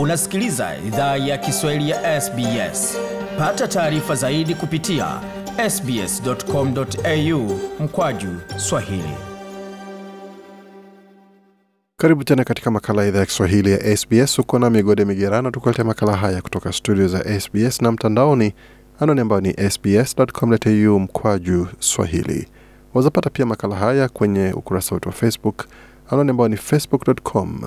Unasikiliza idhaa ya Kiswahili ya SBS. Pata taarifa zaidi kupitia sbs.com.au mkwaju swahili. Karibu tena katika makala ya idhaa ya Kiswahili ya SBS. Uko na Migode Migerano tukuletea makala haya kutoka studio za SBS na mtandaoni, anaoni ambayo ni sbs.com.au mkwaju swahili. Wazapata pia makala haya kwenye ukurasa wetu wa Facebook, anaoni ambayo ni facebook.com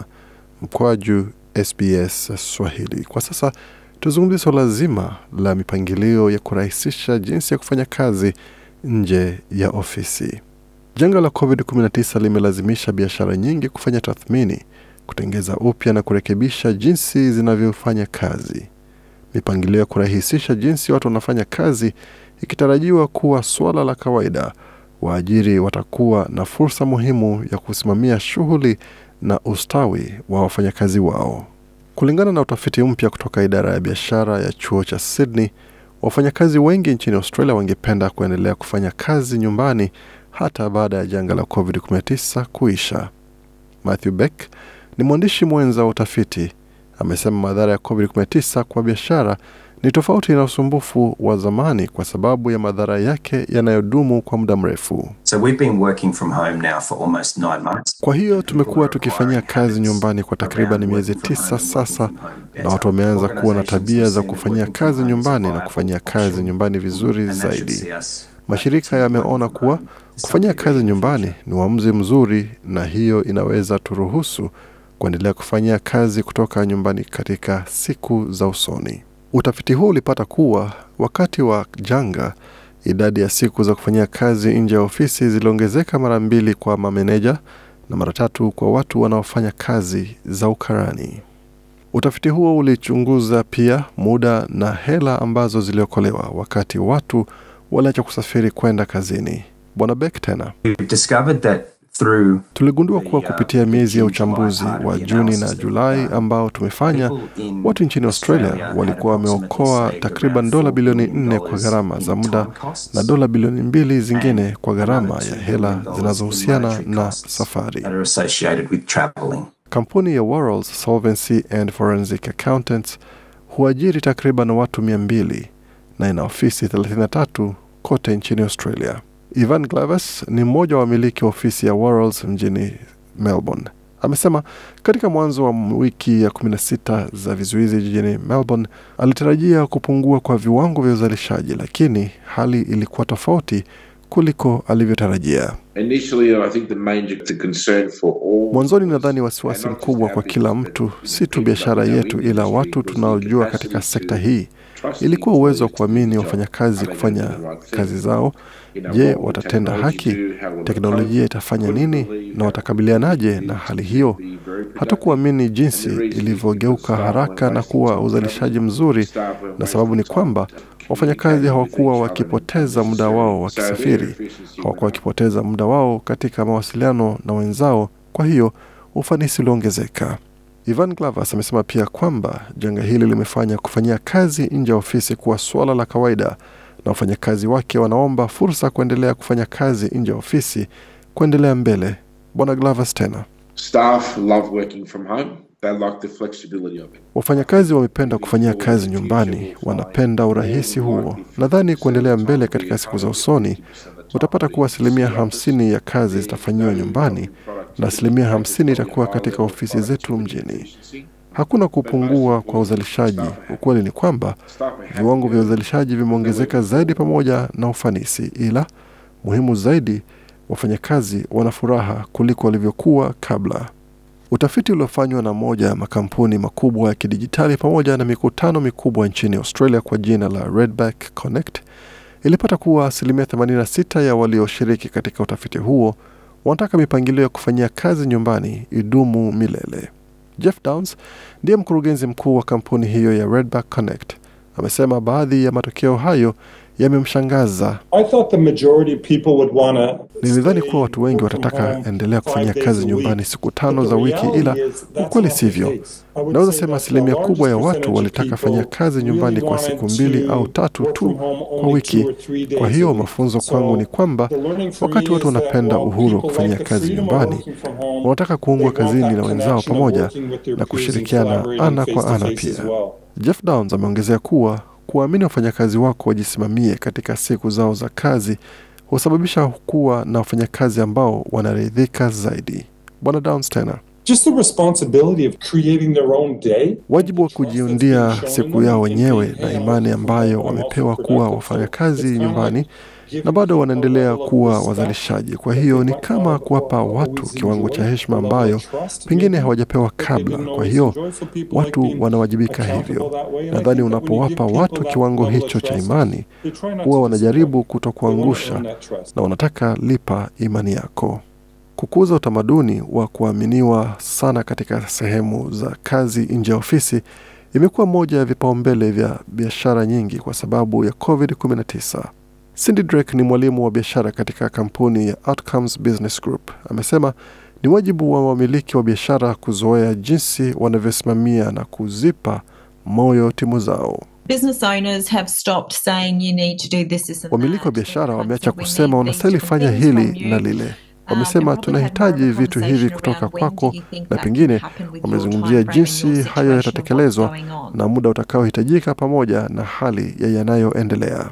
mkwaju SBS Swahili. Kwa sasa tuzungumzie swala zima la mipangilio ya kurahisisha jinsi ya kufanya kazi nje ya ofisi. Janga la COVID-19 limelazimisha biashara nyingi kufanya tathmini, kutengeza upya na kurekebisha jinsi zinavyofanya kazi. Mipangilio ya kurahisisha jinsi watu wanafanya kazi ikitarajiwa kuwa swala la kawaida, waajiri watakuwa na fursa muhimu ya kusimamia shughuli na ustawi wa wafanyakazi wao. Kulingana na utafiti mpya kutoka idara ya biashara ya chuo cha Sydney, wafanyakazi wengi nchini Australia wangependa kuendelea kufanya kazi nyumbani hata baada ya janga la COVID-19 kuisha. Matthew Beck ni mwandishi mwenza wa utafiti, amesema madhara ya COVID-19 kwa biashara ni tofauti na usumbufu wa zamani kwa sababu ya madhara yake yanayodumu kwa muda mrefu. So we've been working from home now for almost nine months. Kwa hiyo tumekuwa tukifanyia kazi nyumbani kwa takriban miezi tisa sasa, na watu wameanza kuwa na tabia za kufanyia kazi nyumbani na kufanyia kazi nyumbani vizuri zaidi. Mashirika yameona kuwa kufanyia kazi nyumbani ni uamuzi mzuri, na hiyo inaweza turuhusu kuendelea kufanyia kazi kutoka nyumbani katika siku za usoni. Utafiti huo ulipata kuwa wakati wa janga, idadi ya siku za kufanyia kazi nje ya ofisi ziliongezeka mara mbili kwa mameneja na mara tatu kwa watu wanaofanya kazi za ukarani. Utafiti huo ulichunguza pia muda na hela ambazo ziliokolewa wakati watu waliacha kusafiri kwenda kazini. Bwana Beck tena Tuligundua kuwa uh, kupitia miezi ya uchambuzi wa Juni na Julai uh, ambao tumefanya, watu nchini Australia walikuwa wameokoa takriban dola bilioni nne kwa gharama za muda na dola bilioni mbili zingine kwa gharama ya hela zinazohusiana na safari. Kampuni ya Worrells Solvency and Forensic Accountants huajiri takriban watu mia mbili na ina ofisi 33 kote nchini Australia. Ivan Glaves ni mmoja wa wamiliki wa ofisi ya Worrells mjini Melbourne. Amesema katika mwanzo wa wiki ya 16 za vizuizi jijini Melbourne alitarajia kupungua kwa viwango vya uzalishaji, lakini hali ilikuwa tofauti kuliko alivyotarajia. Mwanzoni nadhani wasiwasi mkubwa kwa kila mtu, si tu biashara yetu, ila watu tunaojua katika sekta hii, ilikuwa uwezo wa kuamini wafanyakazi kufanya kazi zao. Je, watatenda haki? Teknolojia itafanya nini na watakabilianaje na hali hiyo? Hatukuamini jinsi ilivyogeuka haraka na kuwa uzalishaji mzuri, na sababu ni kwamba Wafanyakazi hawakuwa wakipoteza muda wao wakisafiri, hawakuwa wakipoteza muda wao katika mawasiliano na wenzao, kwa hiyo ufanisi uliongezeka. Ivan Glavas amesema pia kwamba janga hili limefanya kufanyia kazi nje ya ofisi kuwa suala la kawaida, na wafanyakazi wake wanaomba fursa kuendelea kufanya kazi nje ya ofisi kuendelea mbele. Bwana Glavas tena Staff love working from home. They like the flexibility of it. Wafanyakazi wamependa kufanyia kazi nyumbani, wanapenda urahisi huo. Nadhani kuendelea mbele katika siku za usoni utapata kuwa asilimia hamsini ya kazi zitafanyiwa nyumbani na asilimia hamsini itakuwa katika ofisi zetu mjini. Hakuna kupungua kwa uzalishaji. Ukweli ni kwamba viwango vya uzalishaji vimeongezeka zaidi pamoja na ufanisi, ila muhimu zaidi wafanyakazi wana furaha kuliko walivyokuwa kabla. Utafiti uliofanywa na moja ya makampuni makubwa ya kidijitali pamoja na mikutano mikubwa nchini Australia kwa jina la Redback Connect ilipata kuwa asilimia 86 ya walioshiriki katika utafiti huo wanataka mipangilio ya kufanyia kazi nyumbani idumu milele. Jeff Downs ndiye mkurugenzi mkuu wa kampuni hiyo ya Redback Connect amesema baadhi ya matokeo hayo yamemshangaza. Nilidhani kuwa watu wengi watataka endelea kufanyia kazi nyumbani siku tano za wiki, ila ukweli sivyo. Naweza sema asilimia kubwa ya watu walitaka fanyia kazi nyumbani kwa siku mbili au tatu tu kwa wiki. Kwa hiyo mafunzo kwangu ni kwamba wakati watu wanapenda uhuru wa kufanyia kazi nyumbani, wanataka kuungwa kazini na wenzao pamoja na kushirikiana ana kwa ana pia. Jeff Downs ameongezea kuwa kuwaamini wafanyakazi wako wajisimamie katika siku zao za kazi husababisha kuwa na wafanyakazi ambao wanaridhika zaidi. Bwana Just the responsibility of creating their own day. Wajibu wa kujiundia siku yao wenyewe na imani ambayo wamepewa kuwa wafanyakazi nyumbani na bado wanaendelea kuwa wazalishaji. Kwa hiyo ni kama kuwapa watu kiwango cha heshima ambayo pengine hawajapewa kabla. Kwa hiyo watu wanawajibika hivyo. Nadhani unapowapa watu kiwango hicho cha imani, huwa wanajaribu kutokuangusha na wanataka lipa imani yako. Kukuza utamaduni wa kuaminiwa sana katika sehemu za kazi nje ya ofisi imekuwa moja ya vipaumbele vya biashara nyingi kwa sababu ya COVID-19. Cindy Drake ni mwalimu wa biashara katika kampuni ya Outcomes Business Group. Amesema ni wajibu wa wamiliki wa biashara kuzoea jinsi wanavyosimamia na kuzipa moyo timu zao. Wamiliki wa biashara wameacha kusema wanastahili fanya hili na lile. Uh, Wamesema tunahitaji vitu hivi kutoka kwako, na pengine wamezungumzia jinsi hayo yatatekelezwa na muda utakaohitajika pamoja na hali ya yanayoendelea.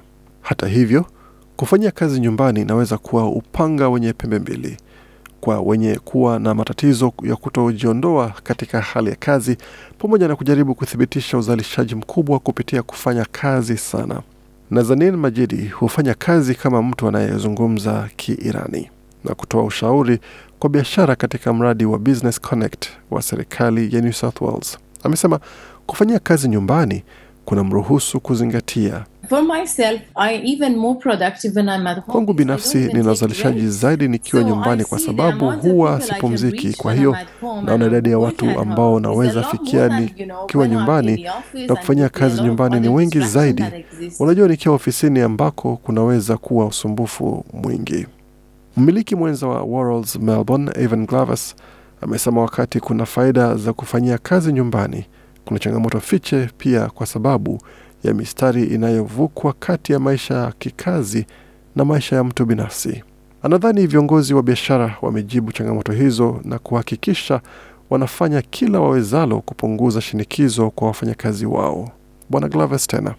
Hata hivyo, kufanyia kazi nyumbani inaweza kuwa upanga wenye pembe mbili. Kwa wenye kuwa na matatizo ya kutojiondoa katika hali ya kazi, pamoja na kujaribu kuthibitisha uzalishaji mkubwa kupitia kufanya kazi sana. Nazanin Majidi hufanya kazi kama mtu anayezungumza Kiirani na kutoa ushauri kwa biashara katika mradi wa Business Connect wa serikali ya New South Wales. Amesema kufanyia kazi nyumbani kunamruhusu kuzingatia. Kwangu binafsi nina uzalishaji zaidi nikiwa nyumbani, kwa sababu huwa sipumziki. Kwa hiyo naona idadi ya watu ambao naweza fikia nikiwa nyumbani na kufanyia kazi nyumbani ni wengi zaidi. Unajua, nikiwa ofisini ambako kunaweza kuwa usumbufu mwingi. Mmiliki mwenza wa Worrells Melbourne, Evan Glavis, amesema wakati kuna faida za kufanyia kazi nyumbani kuna changamoto fiche pia kwa sababu ya mistari inayovukwa kati ya maisha ya kikazi na maisha ya mtu binafsi. Anadhani viongozi wa biashara wamejibu changamoto hizo na kuhakikisha wanafanya kila wawezalo kupunguza shinikizo kwa wafanyakazi wao. Bwana Glaves tena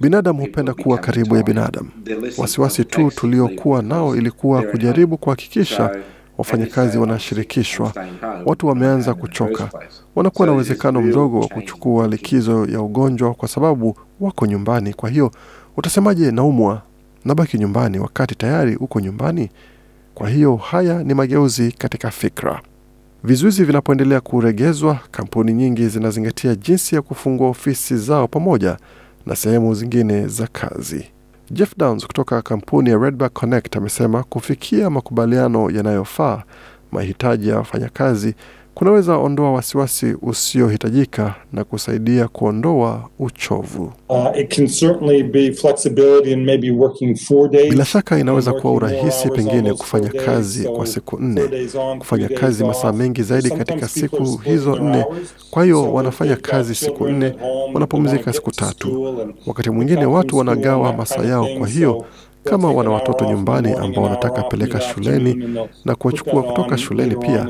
Binadamu hupenda kuwa karibu ya binadamu. Wasiwasi tu tuliokuwa nao ilikuwa kujaribu kuhakikisha wafanyakazi wanashirikishwa, watu wameanza kuchoka, wanakuwa na uwezekano mdogo wa kuchukua likizo ya ugonjwa kwa sababu wako nyumbani. Kwa hiyo utasemaje, naumwa, nabaki nyumbani wakati tayari uko nyumbani? Kwa hiyo haya ni mageuzi katika fikra. Vizuizi vinapoendelea kuregezwa, kampuni nyingi zinazingatia jinsi ya kufungua ofisi zao pamoja na sehemu zingine za kazi. Jeff Downs kutoka kampuni ya Redback Connect amesema kufikia makubaliano yanayofaa mahitaji ya wafanyakazi kunaweza ondoa wasiwasi usiohitajika na kusaidia kuondoa uchovu. Uh, bila shaka inaweza kuwa urahisi pengine kufanya kazi kwa siku nne, kufanya kazi masaa mengi zaidi katika siku hizo nne. Kwa hiyo wanafanya kazi siku nne, wanapumzika siku tatu. Wakati mwingine watu wanagawa masaa yao, kwa hiyo kama wana watoto nyumbani ambao wanataka peleka shuleni na kuwachukua kutoka shuleni pia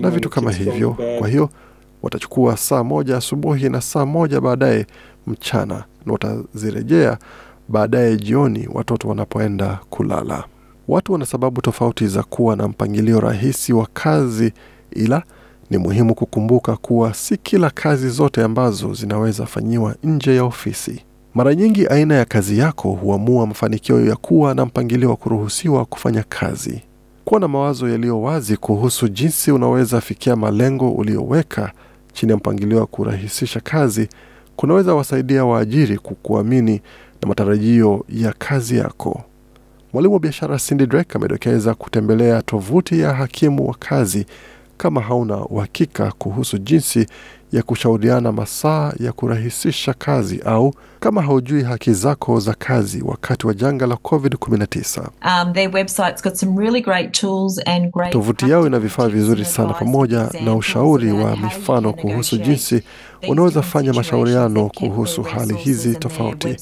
na vitu kama hivyo, kwa hiyo watachukua saa moja asubuhi na saa moja baadaye mchana na watazirejea baadaye jioni watoto wanapoenda kulala. Watu wana sababu tofauti za kuwa na mpangilio rahisi wa kazi, ila ni muhimu kukumbuka kuwa si kila kazi zote ambazo zinaweza fanyiwa nje ya ofisi. Mara nyingi aina ya kazi yako huamua mafanikio ya kuwa na mpangilio wa kuruhusiwa kufanya kazi. Kuwa na mawazo yaliyo wazi kuhusu jinsi unaweza fikia malengo ulioweka chini ya mpangilio wa kurahisisha kazi kunaweza wasaidia waajiri kukuamini na matarajio ya kazi yako. Mwalimu wa biashara Cindy Drake amedokeza kutembelea tovuti ya hakimu wa kazi kama hauna uhakika kuhusu jinsi ya kushauriana masaa ya kurahisisha kazi au kama haujui haki zako za kazi wakati wa janga la COVID-19. Um, really tovuti yao ina vifaa vizuri sana pamoja na ushauri wa mifano kuhusu jinsi unaweza fanya mashauriano kuhusu hali hizi tofauti.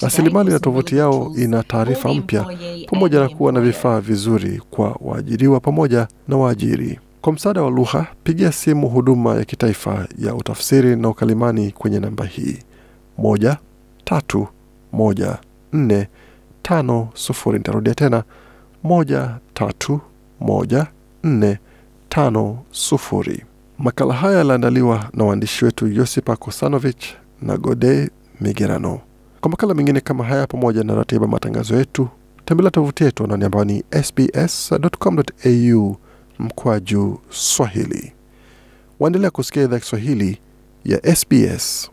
Rasilimali na tovuti yao ina taarifa mpya pamoja na kuwa na vifaa vizuri kwa waajiriwa pamoja na waajiri. Kwa msaada wa lugha, pigia simu huduma ya kitaifa ya utafsiri na ukalimani kwenye namba hii moja, tatu, moja, nne, tano, sufuri. Nitarudia tena moja, tatu, moja, nne, tano, sufuri. Makala haya yaliandaliwa na waandishi wetu yosipa Kosanovich na Gode Migerano. Kwa makala mengine kama haya pamoja na ratiba matangazo yetu, tembelea tovuti yetu anaoni ambayo ni sbs.com.au mkwaju Swahili. Waendelea kusikia idhaa Kiswahili ya SBS.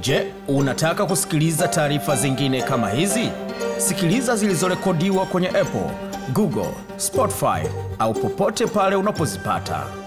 Je, unataka kusikiliza taarifa zingine kama hizi? Sikiliza zilizorekodiwa kwenye Apple, Google, Spotify au popote pale unapozipata.